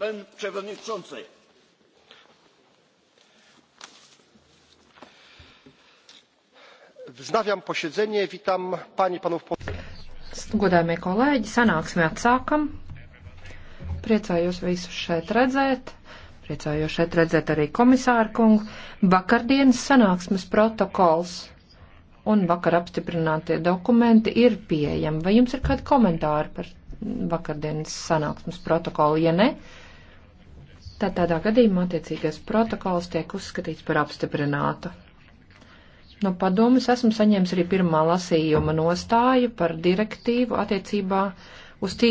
pan przewodniczący! wznawiam posiedzenie witam panie i panów godājamie kolēģi sanāksmi atsākam priecājos visus šeit redzēt priecājos šeit redzēt arī komisāru kungu vakardienas sanāksmes protokols un vakar apstiprinātie dokumenti ir pieejami vai jums ir kādi komentāri par vakardienas sanāksmes protokolu ja ne Tad tādā gadījumā attiecīgais protokols tiek uzskatīts par apstiprinātu. No padomas esmu saņēmis arī pirmā lasījuma nostāju par direktīvu attiecībā uz tīk.